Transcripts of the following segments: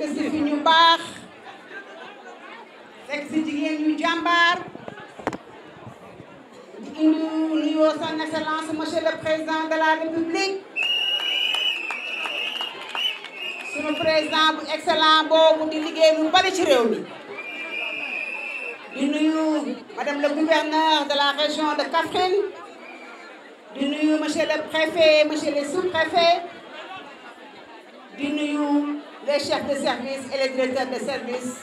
fekk fi ñu baax fekk jigéen ñu jàmbaar di indi nuyoo son excellence monsieur le président de la république suñu président bu excellent boobu di liggéey mu réew mi le gouverneur de la région de Kaffrine di nuyu monsieur le préfet monsieur le sous-préfet di nuyu les chefs de service et les directeurs de service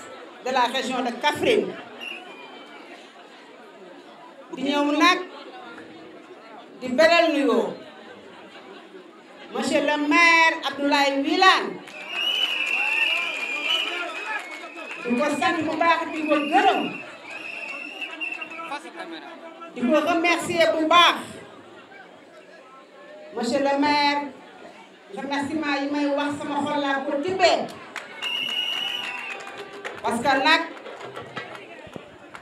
de la région de Kaffrine di ñëw nag di beral nuyoo monsieur le maire Abdoulaye Wilane di ko sant bu baax di ko gërëm di ko remercier bu monsieur le maire remerciement yi may wax sama xol laa ko tibbee parce que nag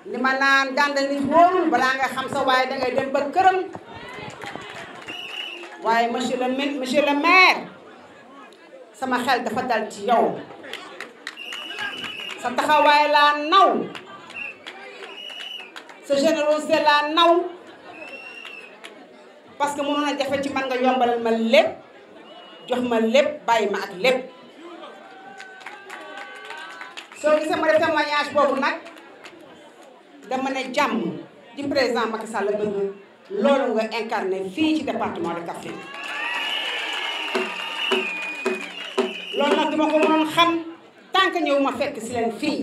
li ma naan gàndal nit wóorul balaa nga xam sa waaye dangay dem ba këram waaye monsieur le maire sama xel dafa dal ci yow sa taxawaay laa naw sa générosité laa naw parce que mun a jafe ci man nga yombalal ma lépp jox ma lépp bàyyi ma ak lépp soo gisee ma def témoignage boobu nag dama ne jàmm di président Macky Sall bëgg loolu nga incarné fii ci département de Kaffrine loolu nag duma ko mënoon xam tant ñëw ma fekk si leen fii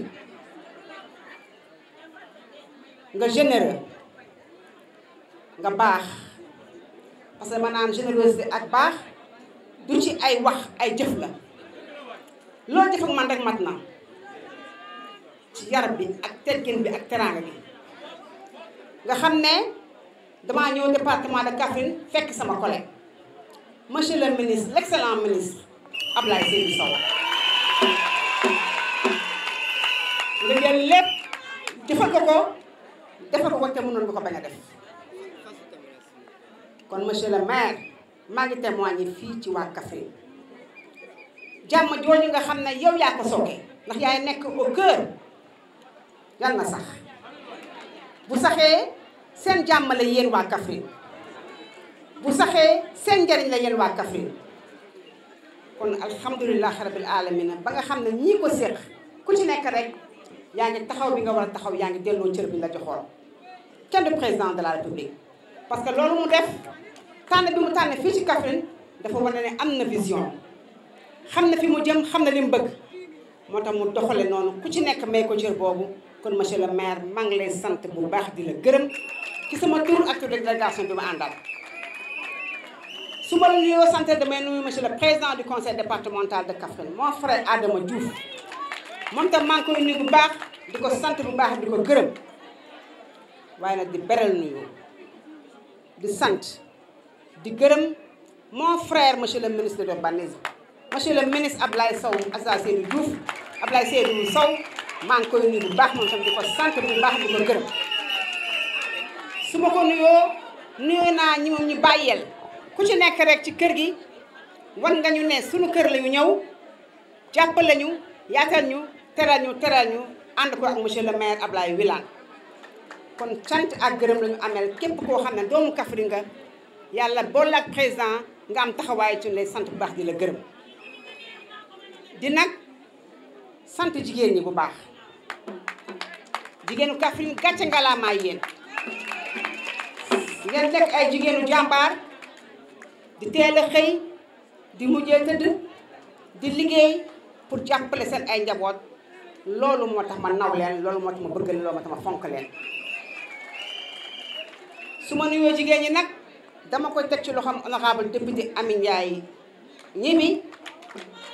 nga généreux nga baax parce que maanaam générosité ak baax du ci ay wax ay jëf la loo jëf man rek mat na ci yaram bi ak teggin bi ak teraanga bi nga xam ne damaa ñëw département de Kaffrine fekk sama collègue monsieur le ministre l'excellent ministre Abdoulaye Seydou Sow nga jël lépp jëfal ko ko ko te mënoon nga ko bañ a def kon monsieur le maire maa ngi témoigner fii ci waa Kaffrine jàmm jooju nga xam ne yow yaa ko sookee ndax yaay nekk au cœur yal na sax bu saxee seen jàmm la yéen waa Kaffrine bu saxee seen njëriñ la yéen waa Kaffrine kon alhamdulilah rabil alamina ba nga xam ne ñii ko séq ku ci nekk rek yaa ngi taxaw bi nga war a taxaw yaa ngi delloo cër bi la joxoon kenn président de la république parce que loolu mu def. tànn bi mu tànn fii ci Kaffrine dafa wane ne am na vision xam ne fi mu jëm xam na li mu bëgg moo tax mu doxale noonu ku ci nekk may ko cër boobu kon monsieur le maire maa ngi lay sant bu baax di la gërëm ci sama tur ak de délégation bi ma àndal su ma la nuyoo sant damay nuyu monsieur le président du conseil départemental de Kaffrine mon frère Adama Diouf moom tam maa ngi koy nuyu bu baax di ko sant bu baax di ko gërëm waaye nag di beral nuyu di sant di gërëm moo frère monsieur le ministre de l'urbanisme monsieur le ministre Ablaye Sow Assa Seydou Diouf Ablaye Seydou Sow maa ngi koy nuyu bu baax moom tam di ko sant bu baax di ko gërëm su ma ko nuyoo nuyoo naa ñi moom ñu bàyyeel ku ci nekk rek ci kër gi wan nga ñu ne suñu kër la ñu ñëw jàppale ñu yaatal ñu teral ñu teral ñu ànd ko ak monsieur le maire Ablaye Wilane kon sant ak gërëm lañu ñu amel képp koo xam ne doomu Kaffrine nga yàlla boole ak président nga am taxawaay ci lay sant bu baax di la gërëm di nag sant jigéen ñi bu baax jigéenu Kaffrine gàcce ngalaamaay yéen ngeen nekk ay jigéenu jàmbaar di teel a xëy di mujjee tëdd di liggéey pour jàppale seen ay njaboot loolu moo tax ma naw loolu moo tax ma bëgg leen loolu moo tax ma fonk leen su ma nuyoo jigéen ñi nag dama koy teg ci loxoom honorable député Amy Ndiaye ñimi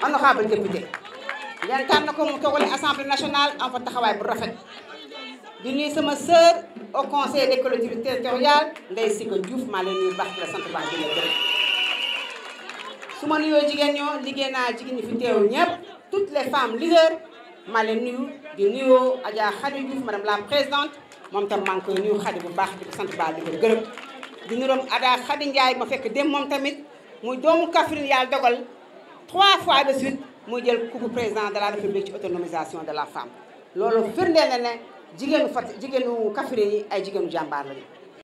honorable député ngeen tànn na ko mu toogale assemblée nationale am fa taxawaay bu rafet di nuyu sama sœur au conseil des collectivités territoriales Ndeye Sika Diouf ma leen nuyu baax la sant baax di la gërëm su ma nuyoo jigéen ñoo liggéey naa jigéen ñi fi teew ñëpp toutes les femmes leaders maa leen nuyu di nuyoo Adja Khady Diouf madame la présidente moom tam maa ngi koy nuyu Khady bu baax di ko sant baax di nuram adaa Khady Ndiaye ma fekk dem moom tamit muy doomu Kaffrine yàlla dogal trois fois de suite muy jël coupe président de la république autonomisation de la femme loolu firndeel na ne jigéenu Fatick jigéenu Kaffrine yi ay jigéenu jàmbaar lañu